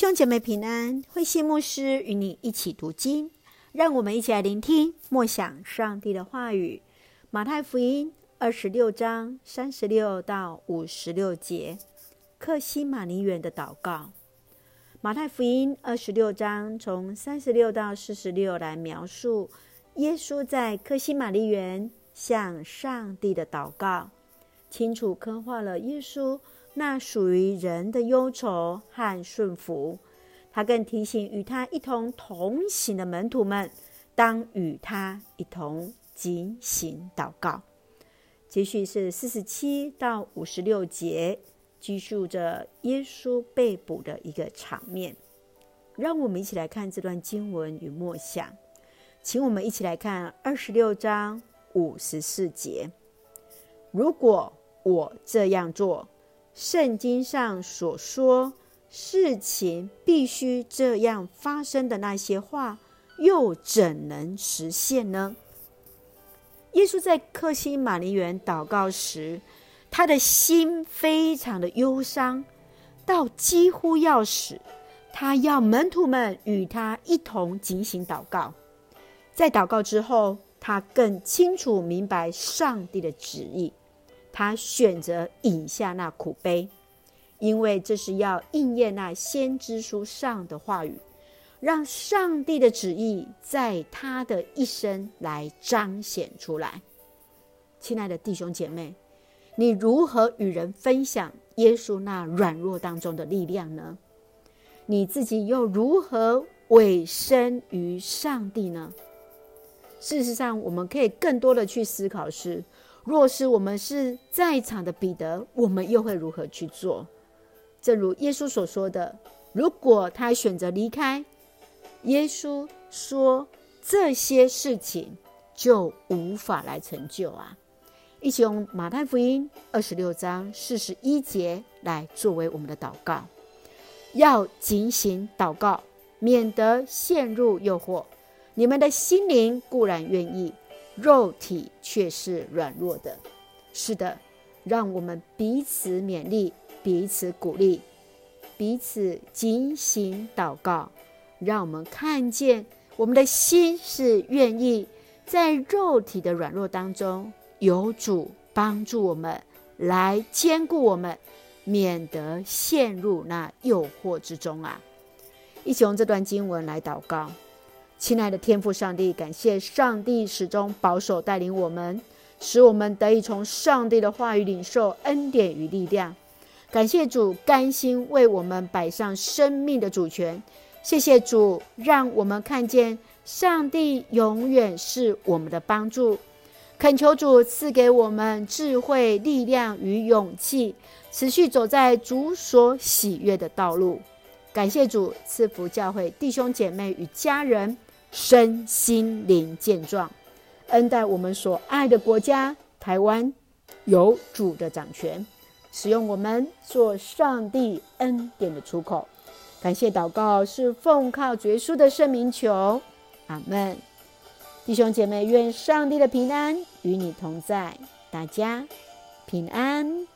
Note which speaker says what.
Speaker 1: 兄姐妹，平安，慧馨牧師與你一起讀經，讓我們一起來聆聽默想上帝的話語。馬太福音二十六章三十六到五十六節，客西馬尼園的禱告。馬太福音二十六章從三十六到四十六來描述耶穌在客西馬尼園向上帝的禱告，清楚刻畫了耶穌。那屬於人的憂愁和順服。他更提醒與他一同同行的門徒們，當與他一同警醒禱告。接續是四十七到五十六節，敘述着耶穌被捕的一個場面。讓我們一起來看這段經文與默想。請我們一起來看二十六章五十四節：如果我這樣做，聖經上所說，事情必須這樣發生的那些話，又怎能實現呢？耶穌在客西馬尼園禱告時，他的心非常的憂傷，到幾乎要死。他要門徒們與他一同進行禱告。在禱告之後，他更清楚明白上帝的旨意。他選擇飲下那苦杯，因為這是要應驗那先知書上的話語，讓上帝的旨意在他的一生來彰顯出來。親愛的弟兄姐妹，你如何與人分享耶穌那軟弱當中的力量呢？你自己又如何委身於上帝呢？事實上，我們可以更多的去思考是。若是我們是在場的彼得，我們又會如何去做？正如耶穌所說的，如果他選擇離開，耶穌說這些事情就無法來成就啊！一起用馬太福音二十六章四十一節來作為我們的禱告，要警醒禱告，免得陷入誘惑。你們的心靈固然願意。肉體卻是軟弱的，是的，讓我們彼此勉勵，彼此鼓勵，彼此警醒禱告，讓我們看見我們的心是願意在肉體的軟弱當中，有主幫助我們來堅固我們，免得陷入那誘惑之中啊！一起用這段經文來禱告。親愛的天父上帝，感謝上帝始終保守帶領我們，使我們得以從上帝的話語領受恩典與力量。感謝主甘心為我們擺上生命的主權。謝謝主，讓我們看見上帝永遠是我們的幫助。懇求主賜給我們智慧、力量與勇氣，持續走在主所喜悅的道路。感謝主賜福教會弟兄姐妹與家人。身心靈健壯，恩待我們所愛的國家台灣，有主的掌權，使用我們做上帝恩典的出口。感謝禱告是奉靠主耶穌的聖名求，阿門。弟兄姐妹，願上帝的平安與你同在，大家平安。